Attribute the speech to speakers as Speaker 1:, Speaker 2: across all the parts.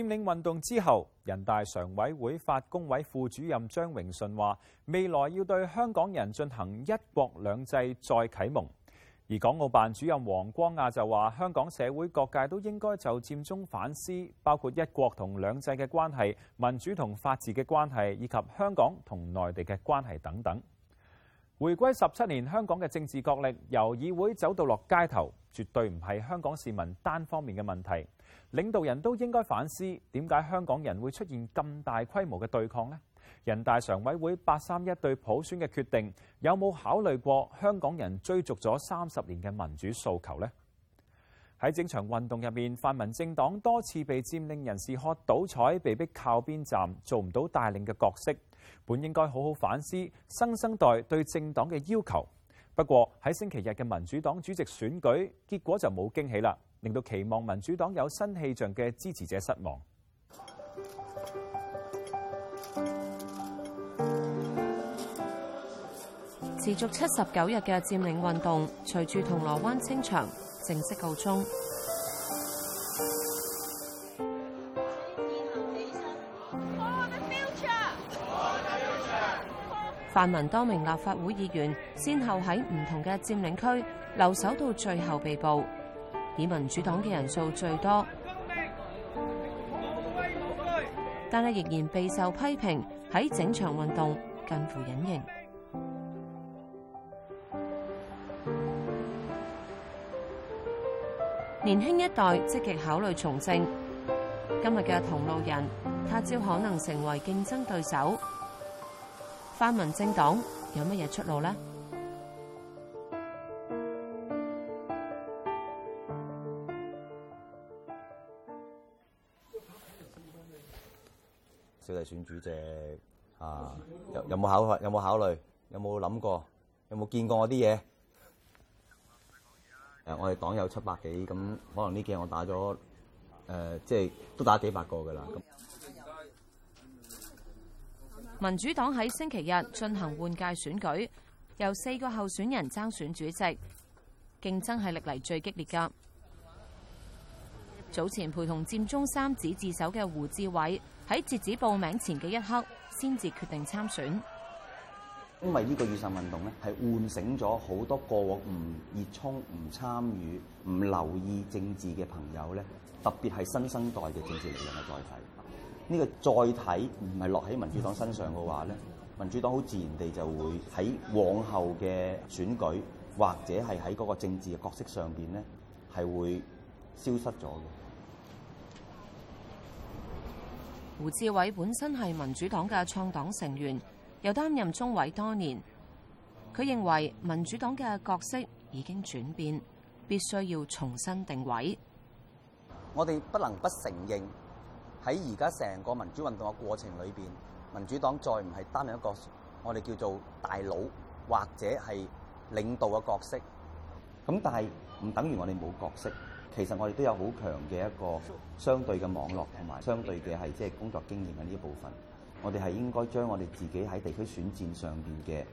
Speaker 1: 佔領運動之後，人大常委會法工委副主任張榮順話：未來要對香港人進行一國兩制再啟蒙。而港澳辦主任王光亞就話：香港社會各界都應該就佔中反思，包括一國同兩制嘅關係、民主同法治嘅關係，以及香港同內地嘅關係等等。回歸十七年，香港嘅政治角力由議會走到落街頭，絕對唔係香港市民單方面嘅問題。領導人都應該反思，點解香港人會出現咁大規模嘅對抗呢？人大常委會八三一對普選嘅決定，有冇考慮過香港人追逐咗三十年嘅民主訴求呢？喺整場運動入面，泛民政黨多次被佔領人士喝倒彩，被逼靠邊站，做唔到帶領嘅角色。本應該好好反思新生，生代對政黨嘅要求，不過喺星期日嘅民主黨主席選舉結果就冇驚喜啦，令到期望民主黨有新氣象嘅支持者失望。
Speaker 2: 持續七十九日嘅佔領運動，隨住銅鑼灣清場正式告終。泛民多名立法會議員先後喺唔同嘅佔領區留守到最後被捕，以民主黨嘅人數最多，但係仍然備受批評，喺整場運動近乎隱形。年輕一代積極考慮從政，今日嘅同路人，他朝可能成為競爭對手。泛民政黨有乜嘢出路咧？
Speaker 3: 小弟選主席啊，有有冇考有冇考慮？有冇諗過？有冇見過我啲嘢？誒、啊，我哋黨有七百幾，咁可能呢幾日我打咗誒、啊，即係都打咗幾百個噶啦。咁
Speaker 2: 民主黨喺星期日進行換屆選舉，由四個候選人爭選主席，競爭係歷嚟最激烈噶。早前陪同佔中三子自首嘅胡志偉，喺截止報名前嘅一刻，先至決定參選。
Speaker 3: 因為這個呢個雨傘運動咧，係喚醒咗好多過往唔熱衷、唔參與、唔留意政治嘅朋友咧，特別係新生代嘅政治力量嘅載體。呢個載體唔係落喺民主黨身上嘅話咧，民主黨好自然地就會喺往後嘅選舉或者係喺嗰個政治嘅角色上面咧，係會消失咗嘅。
Speaker 2: 胡志偉本身係民主黨嘅創黨成員，又擔任中委多年。佢認為民主黨嘅角色已經轉變，必須要重新定位。
Speaker 3: 我哋不能不承認。喺而家成個民主運動嘅過程裏邊，民主黨再唔係擔任一個我哋叫做大佬或者係領導嘅角色，咁但係唔等於我哋冇角色。其實，我哋都有好強嘅一個相對嘅網絡同埋相對嘅係即係工作經驗嘅呢一部分。我哋係應該將，我哋自己喺地區選戰上邊嘅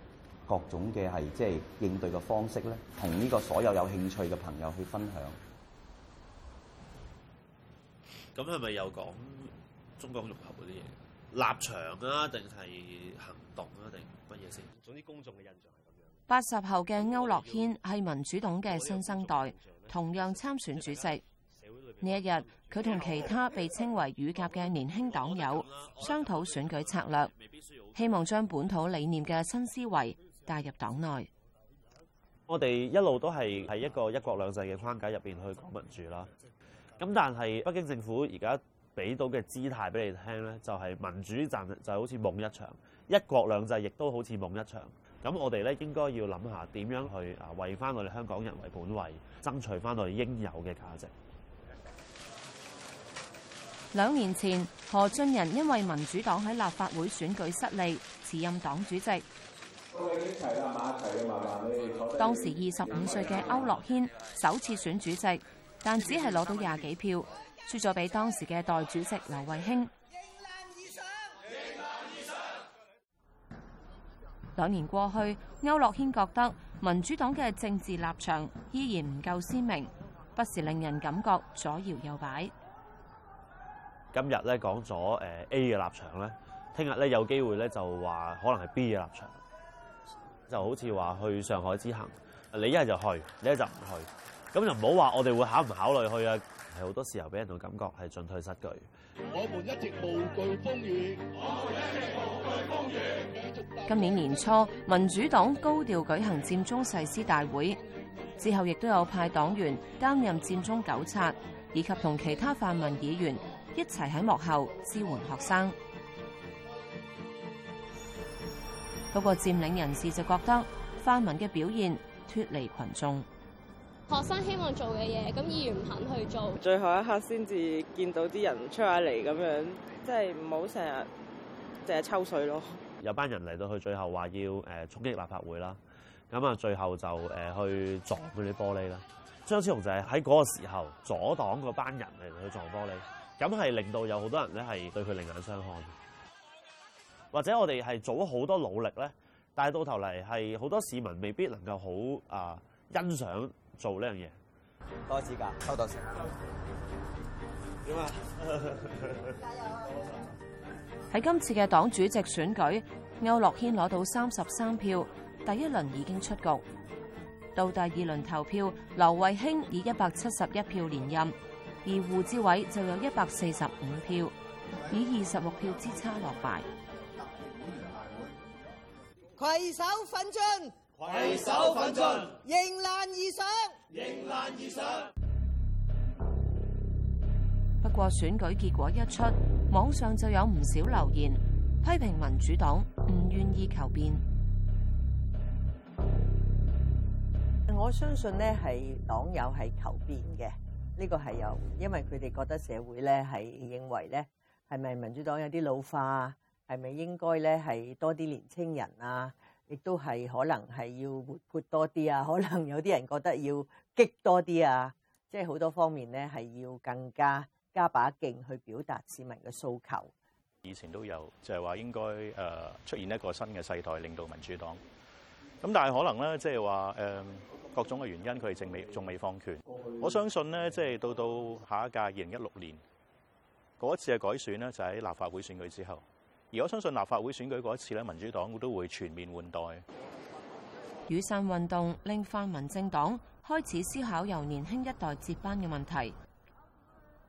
Speaker 3: 各種嘅係即係應對嘅方式咧，同呢個所有有興趣嘅朋友去分享。
Speaker 4: 咁係咪又講中國融合嗰啲嘢？立場啊，定係行動啊，定乜嘢先？總之，公眾嘅印象係咁
Speaker 2: 樣。八十後嘅區諾軒係民主黨嘅新生代，同樣參選主席。呢一日，佢同其他被稱為乳鴿嘅年輕黨友商討選舉策略，希望將本土理念嘅新思維帶入黨內。
Speaker 4: 我哋一路都係喺一個一國兩制嘅框架入面去講民主啦。咁但係北京政府而家俾到嘅姿態俾你聽咧，就係民主站就好似夢一場，一國兩制亦都好似夢一場。咁我哋咧應該要諗下點樣去啊為翻我哋香港人為本位爭取翻我哋應有嘅價值。
Speaker 2: 兩年前，何俊仁因為民主黨喺立法會選舉失利，辭任黨主席。
Speaker 1: 當你
Speaker 2: 當時二十五歲嘅區諾軒首次選主席。但只係攞到廿幾票，輸咗俾當時嘅代主席劉慧卿。兩年過去，區諾軒覺得民主黨嘅政治立場依然唔夠鮮明，不時令人感覺左搖右擺。
Speaker 4: 今日咧講咗誒 A 嘅立場咧，聽日咧有機會咧就話可能係 B 嘅立場，就好似話去上海之行，你一係就去，你一係就唔去。咁就唔好話，我哋會考唔考慮去啊！係好多時候，俾人嘅感覺係進退失據。
Speaker 5: 我們一直無懼風雨，我們一直無懼風雨。
Speaker 2: 今年年初，民主黨高調舉行佔中誓師大會，之後亦都有派黨員擔任佔中糾察，以及同其他泛民議員一齊喺幕後支援學生。不過佔領人士就覺得，泛民嘅表現脱離群眾。學生希望做嘅嘢，咁議員唔肯去做，最
Speaker 6: 後一刻先至見到啲人出
Speaker 4: 下嚟，咁樣即係唔好成日成日抽水咯。有班人嚟到，去，最後話要誒衝擊立法會啦，咁啊最後就誒去撞佢啲玻璃啦。張超雄就係喺嗰個時候阻擋嗰班人嚟去撞玻璃，咁係令到有好多人咧係對佢另眼相看。或者我哋係做咗好多努力咧，但係到頭嚟係好多市民未必能夠好啊欣賞。做呢樣嘢，
Speaker 3: 多指教，收到成。點啊？加油！
Speaker 2: 喺今次嘅黨主席選舉，區諾軒攞到三十三票，第一輪已經出局。到第二輪投票，劉慧卿以一百七十一票連任，而胡志偉就有一百四十五票，以二十六票之差落敗。
Speaker 6: 攜手奮進。攜
Speaker 2: 手
Speaker 6: 奮進，迎難而上，迎難而
Speaker 7: 上。
Speaker 2: 不過選舉結果一出，網上就有唔少留言批評民主黨唔願意求變。我相信呢係
Speaker 6: 黨友係求變嘅，呢個係有，因為佢哋覺得社會呢係認為呢係咪民主黨有啲老化，係咪應該呢係多啲年青人啊？亦都係可能係要活潑多啲啊，可能有啲人覺得要激多啲啊，即係好多方面咧係要更加加把勁去表達市民嘅訴求。
Speaker 5: 以前都有，就係、是、話應該誒出現一個新嘅世代，領導民主黨，咁但係可能咧，即係話誒各種嘅原因還，佢哋仲未仲未放權，我相信咧，即、就、係、是、到到下一屆二零一六年嗰一次嘅改選咧，就喺立法會選舉之後。如果相信立法會選舉嗰一次咧，民主黨我都會全面換代。
Speaker 2: 雨傘運動令泛民政黨開始思考由年輕一代接班嘅問題，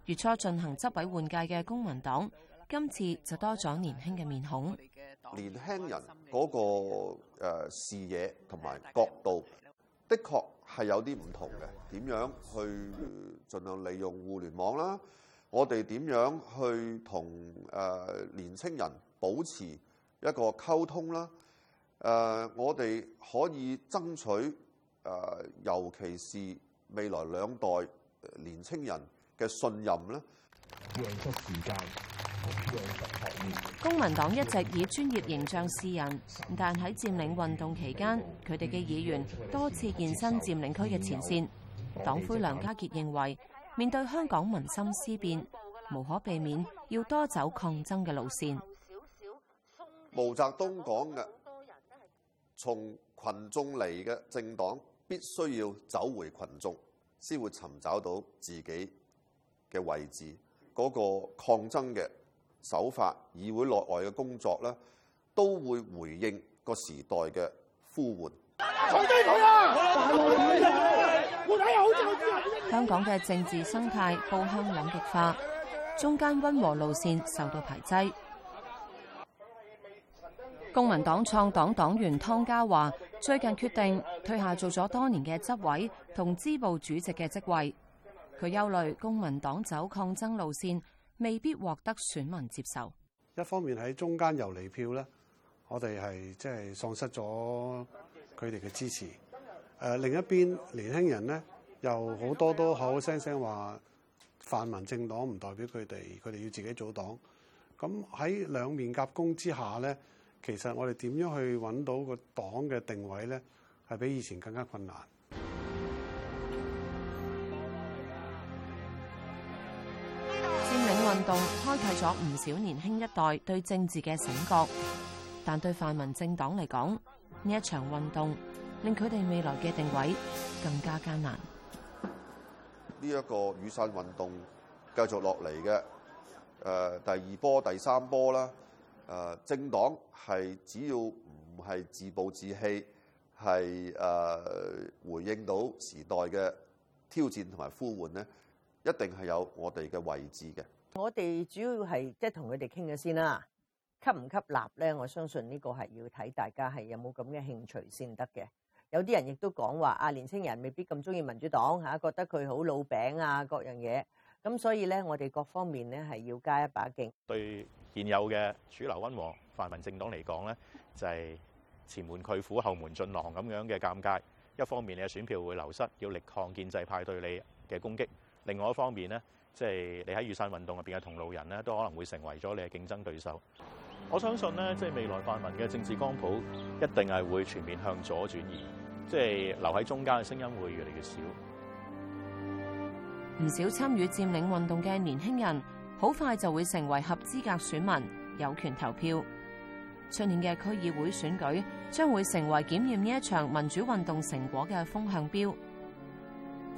Speaker 2: 月初進行執委換屆嘅公民黨今次就多咗年輕嘅面孔。
Speaker 8: 年輕人嗰個誒視野同埋角度的是有點不同的，的確係有啲唔同嘅。點樣去盡量利用互聯網啦？我哋點樣去同誒年青人？保持一個溝通啦。誒、呃，我哋可以爭取誒、呃，尤其是未來兩代年青人嘅信任
Speaker 5: 咧。
Speaker 2: 公民黨一直以專業形象示人，但喺佔領運動期間，佢哋嘅議員多次現身佔領區嘅前線。黨魁梁家傑認為，面對香港民心思變，無可避免要多走抗爭嘅路線。
Speaker 8: 毛澤東講嘅，從群眾嚟嘅政黨必須要走回群眾，先會尋找到自己嘅位置。嗰、那個抗爭嘅手法，議會內外嘅工作咧，都會回應個時代嘅呼喚。
Speaker 4: 好，
Speaker 2: 香港嘅政治生態步向兩極化，中間溫和路線受到排擠。公民黨創黨黨員湯家驊最近決定退下做咗多年嘅執委同支部主席嘅職位。佢憂慮公民黨走抗爭路綫未必獲得選民接受。
Speaker 8: 一方面喺中間游離票咧，我哋係即係喪失咗佢哋嘅支持。誒，另一邊年輕人呢，又好多都口口聲聲話泛民政黨唔代表佢哋，佢哋要自己組黨。咁喺兩面夾攻之下咧。其實我哋點樣去揾到個黨嘅定位咧，係比以前更加困難。
Speaker 2: 佔領運動開啟咗唔少年輕一代對政治嘅醒覺，但對泛民政黨嚟講，呢一場運動令佢哋未來嘅定位更加艱難。
Speaker 8: 呢一個雨傘運動繼續落嚟嘅，誒、呃、第二波、第三波啦。誒、啊、政黨係只要唔係自暴自棄，係誒、啊、回應到時代嘅挑戰同埋呼喚咧，一定係有我哋嘅位置嘅。
Speaker 6: 我哋主要係即係同佢哋傾咗先啦，吸唔吸納咧？我相信呢個係要睇大家係有冇咁嘅興趣先得嘅。有啲人亦都講話啊，年青人未必咁鍾意民主黨嚇、啊，覺得佢好老餅啊，各樣嘢。咁所以咧，我哋各方面咧係要加一把勁。
Speaker 5: 對。現有嘅主流温和泛民政黨嚟講咧，就係前門拒虎，後門進狼咁樣嘅尷尬。一方面你嘅選票會流失，要力抗建制派對你嘅攻擊；另外一方面咧，即係你喺雨傘運動入邊嘅同路人咧，都可能會成為咗你嘅競爭對手。我相信咧，即係未來泛民嘅政治光譜一定係會全面向左轉移，即係留喺中間嘅聲音會越嚟越少。
Speaker 2: 唔少參與佔領運動嘅年輕人，好快就會成為合資格選民，有權投票。出年嘅區議會選舉將會成為檢驗呢一場民主運動成果嘅風向標。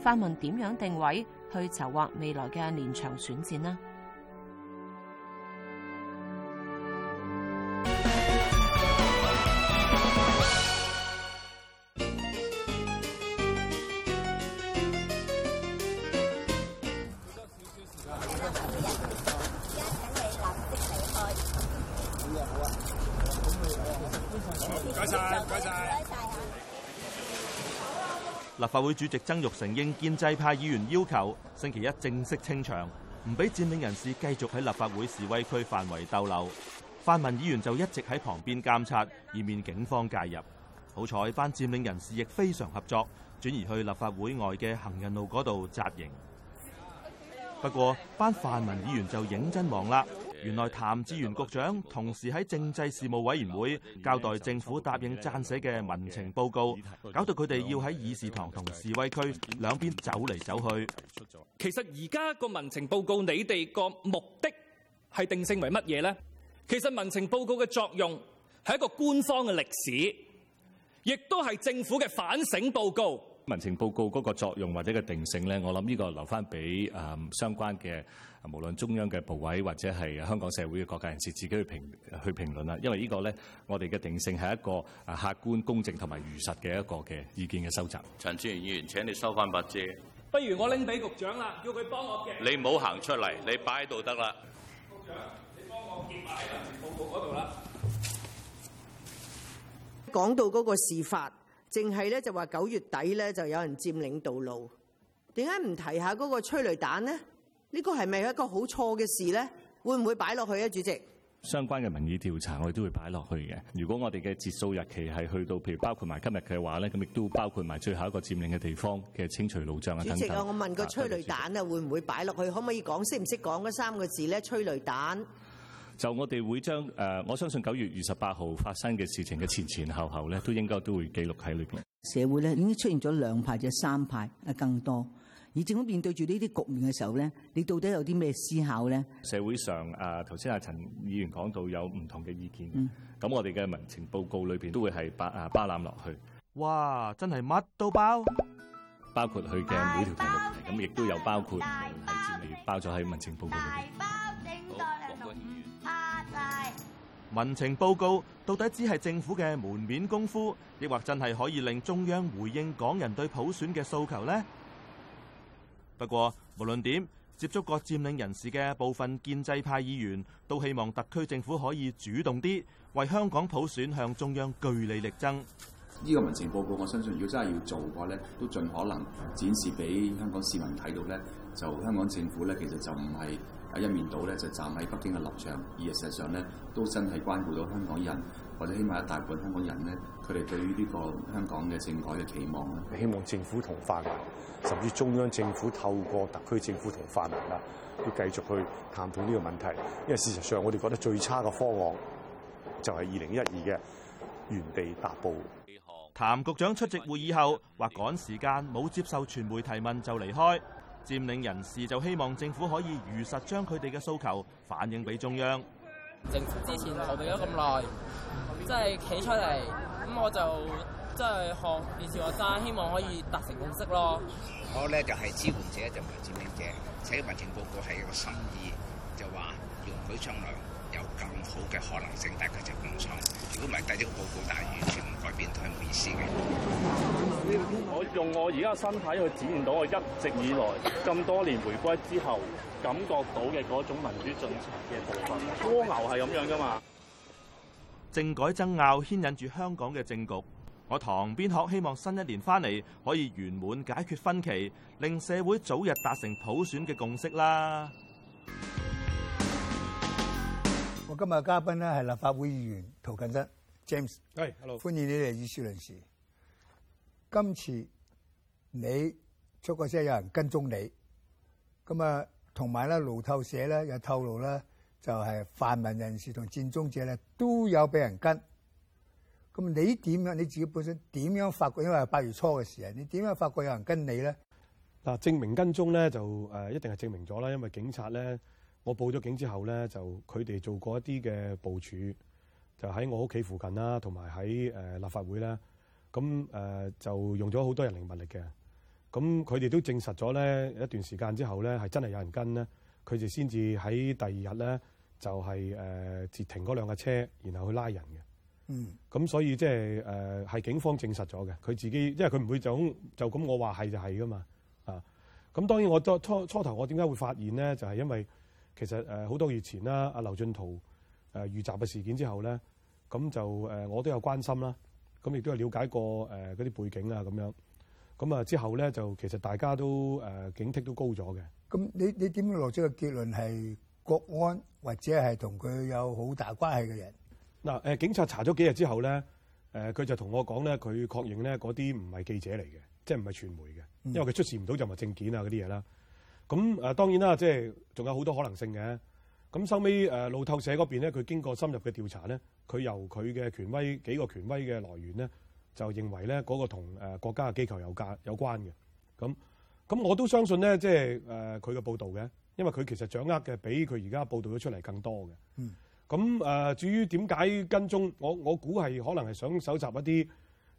Speaker 2: 泛民點樣定位去籌劃未來嘅連場選戰呢？
Speaker 5: 立法會主席曾玉成應建制派議員要求，星期一正式清場，唔俾佔領人士繼續喺立法會示威區範圍逗留。泛民議員就一直喺旁邊監察，以免警方介入。好彩，班佔領人士亦非常合作，轉移去立法會外嘅行人路嗰度紮營。不過，班泛民議員就認真忙啦。原來譚志源局長同時喺政制事務委員會交代政府答應撰寫嘅民情報告，搞到佢哋要喺議事堂同示威區兩邊走嚟走去。其實而家個民情報告，你哋個目的
Speaker 9: 係定性為乜嘢呢？其實民情報告嘅作用係一個官方嘅歷史，亦都係政府嘅反省報告。民情報告嗰個作用或者嘅定性咧，我諗呢個留翻俾誒相關嘅無論中央嘅部委或者係香港社會嘅各界人士自己去評去評論啦。因為呢個咧，我哋嘅定性係一個啊客觀、公正同埋如實嘅一個嘅意見嘅收集。陳志雲議員，請你收翻筆字。
Speaker 1: 不如我拎俾局長啦，叫佢幫我夾。你
Speaker 5: 唔好行出嚟，你擺喺度得啦。局長，你幫我夾埋喺民情報
Speaker 6: 告嗰度啦。講到嗰個事發。淨係咧就話九月底咧就有人佔領道路，點解唔提下嗰個催淚彈呢？呢個係咪一個好錯嘅事咧？會唔會擺落去咧，主席？
Speaker 9: 相關嘅民意調查我哋都會擺落去嘅。如果我哋嘅截數日期係去到譬如包括埋今日嘅話咧，咁亦都包括埋最後一個佔領嘅地方嘅清除路障啊等等。主席啊，我
Speaker 6: 問個催淚彈啊，會唔會擺落去？可唔可以講？識唔識講嗰三個字咧？催淚彈。
Speaker 9: 就我哋會將誒，我相信九月二十八號發生嘅事情嘅前前後後咧，都應該都會記錄喺裏邊。
Speaker 6: 社會咧已經出現咗兩派，或者三派啊，更多。而政府面對住呢啲局面嘅時候咧，你到底有啲咩思考咧？
Speaker 9: 社會上誒，頭先阿陳議員講到有唔同嘅意見，咁、嗯、我哋嘅民情報告裏邊都會係包誒包攬落去。
Speaker 5: 哇！真係乜都包，
Speaker 9: 包括佢嘅
Speaker 5: 每條題目題，咁亦都有包括喺入面包咗喺民情報告裏邊。民情報告到底只係政府嘅門面功夫，抑或真係可以令中央回應港人對普選嘅訴求呢？不過無論點，接觸過佔領人士嘅部分建制派議員都希望特區政府可以主動啲，為香港普選向中央據理力爭。
Speaker 3: 呢個民情報告，我相信如果真係要做嘅話咧，都盡可能展示俾香港市民睇到咧。就香港政府咧，其實就唔係。啊一面倒咧就站喺北京嘅立場，而事實上咧都真係關乎到香港人，或者起碼一大半香港人
Speaker 10: 咧，佢哋對於呢個香港嘅政改嘅期望，希望政府同泛民，甚至中央政府透過特區政府同泛民啦，要繼續去談判呢個問題，因為事實上我哋覺得最差嘅方案就係二零一二嘅原地踏步。
Speaker 5: 譚局長出席會議後話趕時間冇接受傳媒提問就離開。佔領人士就希望政府可以如實將佢哋嘅訴求反映俾中央。
Speaker 4: 政府之前留佢咗咁耐，即係企出嚟，
Speaker 3: 咁我就即係學電
Speaker 6: 視學生，希望
Speaker 3: 可以達成共識咯。我咧就係、係、支援者，就唔係佔領者。寫民情庭報告係一個心意，就話容許商量。更好嘅可能性，大家就共享。如果唔係第一個報告，但係完全唔改變都係冇意思嘅。
Speaker 9: 我用我而家身體去展現到我一直以來咁多年回歸之後感覺到嘅嗰種民主進
Speaker 5: 程嘅部分。蝸牛係咁樣噶嘛？政改爭拗牽引住香港嘅政局。我堂邊鶴希望新一年翻嚟可以圓滿解決分歧，令社會早日達成普選嘅共識啦。
Speaker 7: 我今日嘅嘉賓咧係立法會議員涂謹申 James，係，Hey, hello. 歡迎你哋議事論事。今次你出嗰陣有人跟蹤你，咁啊，同埋咧路透社咧又透露咧，就係泛民人士同佔中者咧都有俾人跟。咁你點樣？你自己本身點樣發覺？因為八月初嘅時候，你點樣發覺有人跟你咧？
Speaker 10: 嗱，證明跟蹤咧就誒一定係證明咗啦，因為警察咧。我報咗警之後咧，就佢哋做過一啲嘅部署，就喺我屋企附近啦，同埋喺誒立法會啦。咁誒、呃、就用咗好多人力物力嘅。咁佢哋都證實咗咧。一段時間之後咧，係真係有人跟咧。佢哋先至喺第二日咧，就係誒截停嗰輛嘅車，然後去拉人嘅。嗯，咁所以即係誒係警方證實咗嘅。佢自己因為佢唔會就咁就咁，我話係就係㗎嘛啊。咁當然我初初初頭我點解會發現咧，就係、是、因為。其實誒，好多月前啦，阿劉進圖誒遇襲嘅事件之後咧，咁就誒我都有關心啦，咁亦都有了解過誒嗰啲背景啊咁樣，咁啊之後咧就其實大家
Speaker 7: 都誒警惕都高咗嘅。咁你你點樣落出個結論係國安或者係同佢有好大關係嘅人？
Speaker 10: 嗱誒，警察查咗幾日之後咧，誒佢就同我講咧，佢確認咧嗰啲唔係記者嚟嘅，即係唔係傳媒嘅，因為佢出示唔到任何證件啊嗰啲嘢啦。咁誒當然啦，即係仲有好多可能性嘅。咁收尾誒路透社嗰邊咧，佢經過深入嘅調查咧，佢由佢嘅權威幾個權威嘅來源咧，就認為咧嗰個同誒國家嘅機構有關有關嘅。咁咁我都相信咧，即係誒佢嘅報導嘅，因為佢其實掌握嘅比佢而家報導咗出嚟更多嘅。嗯。咁、呃、至於點解跟蹤，我我估係可能係想搜集一啲、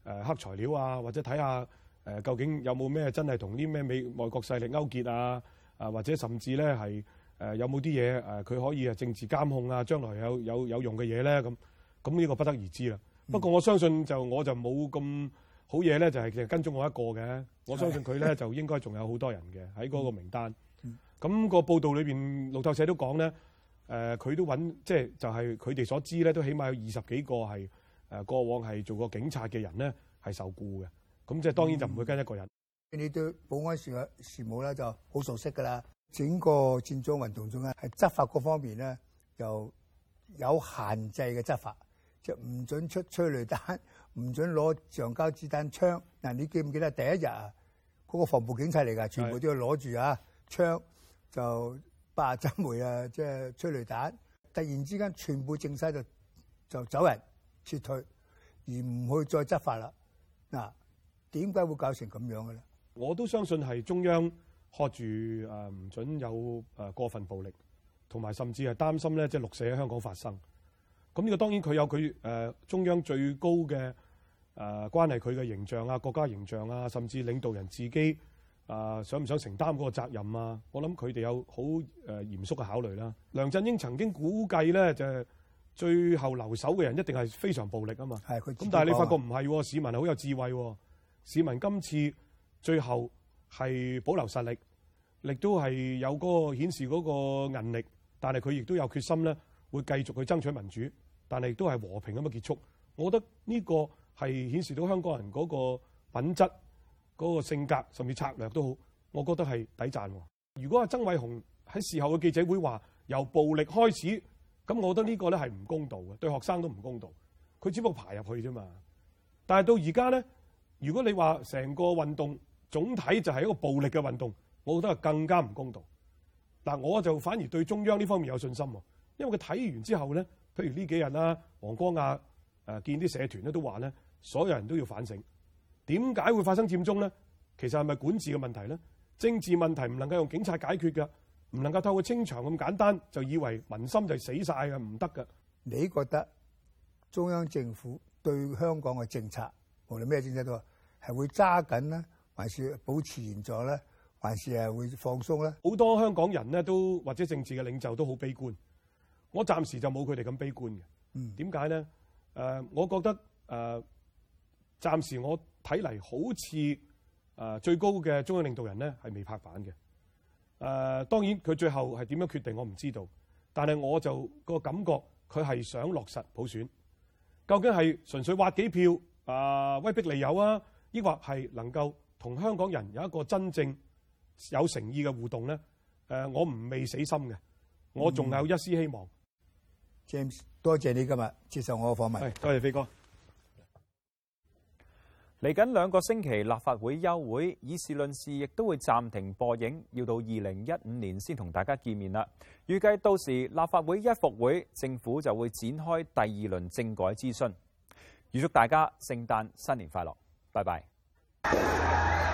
Speaker 10: 呃、黑材料啊，或者睇下、呃、究竟有冇咩真係同啲咩美外國勢力勾結啊？啊，或者甚至咧，係誒有冇啲嘢誒，佢可以誒政治監控啊，將來有有有用嘅嘢咧，咁咁呢個不得而知啦。嗯、不過我相信就我就冇咁好嘢咧，就係其實跟蹤我一個嘅，我相信佢咧就應該仲有好多人嘅喺嗰個名單。咁、嗯、個報道裏邊，路透社都講咧，誒、呃、佢都揾即係就係佢哋所知咧，都起碼有二十幾個係誒、呃、過往係做過警察嘅人咧係受雇嘅。咁即係當然就唔會跟一個人。嗯嗯
Speaker 7: 你對保安事嘅事務咧就好熟悉噶啦。整個戰爭運動中咧，係執法嗰方面咧，就有限制嘅執法，即係唔准出催淚彈，唔准攞橡膠子彈槍。嗱，你記唔記得第一日啊，嗰個防暴警察嚟噶，全部都要攞住啊槍，就八廿針梅啊，即係催淚彈。突然之間，全部正晒就就走人撤退，而唔去再執法啦。嗱，點解會搞成咁樣嘅咧？我都相信係中
Speaker 10: 央喝住誒，唔准有誒過分暴力，同埋甚至係擔心咧，即係六四喺香港發生。咁呢個當然佢有佢誒中央最高嘅誒關係佢嘅形象啊、國家形象啊，甚至領導人自己誒想唔想承擔嗰個責任啊？我諗佢哋有好誒嚴肅嘅考慮啦。梁振英曾經估計咧，就係最後留守嘅人一定係非常暴力啊嘛。係佢，咁但係你發覺唔係、啊、市民係好有智慧，市民今次。最後係保留實力，亦都係有嗰個顯示嗰個韌力，但係佢亦都有決心咧，會繼續去爭取民主，但係亦都係和平咁嘅結束。我覺得呢個係顯示到香港人嗰個品質、嗰個性格，甚至策略都好，我覺得係抵讚。如果阿曾偉雄喺事後嘅記者會話由暴力開始，咁我覺得呢個咧係唔公道嘅，對學生都唔公道。佢只不過爬入去啫嘛。但係到而家咧，如果你話成個運動，總體就係一個暴力嘅運動，我覺得係更加唔公道。但我就反而對中央呢方面有信心喎，因為佢睇完之後咧，譬如呢幾日啦，王光亞誒見啲社團咧都話咧，所有人都要反省。點解會發生佔中咧？其實係咪管治嘅問題咧？政治問題唔能夠用警察解決㗎，唔能夠透過清場咁簡單就以為民心
Speaker 7: 就死晒㗎，唔得㗎。你覺得中央政府對香港嘅政策，無論咩政策都話係會揸緊咧？還是保持現狀咧，還是係會放鬆咧？
Speaker 10: 好多香港人咧，都或者政治嘅領袖都好悲觀。我暫時就冇佢哋咁悲觀嘅。點解咧？誒、呃，我覺得誒，暫、呃、時我睇嚟好似誒、呃、最高嘅中央領導人咧係未拍板嘅。誒、呃，當然佢最後係點樣決定，我唔知道。但係我就、個感覺，佢係想落實普選。究竟係純粹挖幾票、呃、啊，威逼利誘啊，抑或係能夠？同香港人有一個真正有誠意嘅互動呢。誒，我唔未死心嘅，我仲有一絲希望。
Speaker 7: 嗯、James，多謝你今日接受我嘅訪問。係，多謝飛哥。
Speaker 1: 嚟緊兩個星期立法會休會，議事論事亦都會暫停播映，要到二零一五年先同大家見面啦。預計到時立法會一復會，政府就會展開第二輪政改諮詢。預祝大家聖誕新年快樂，拜拜。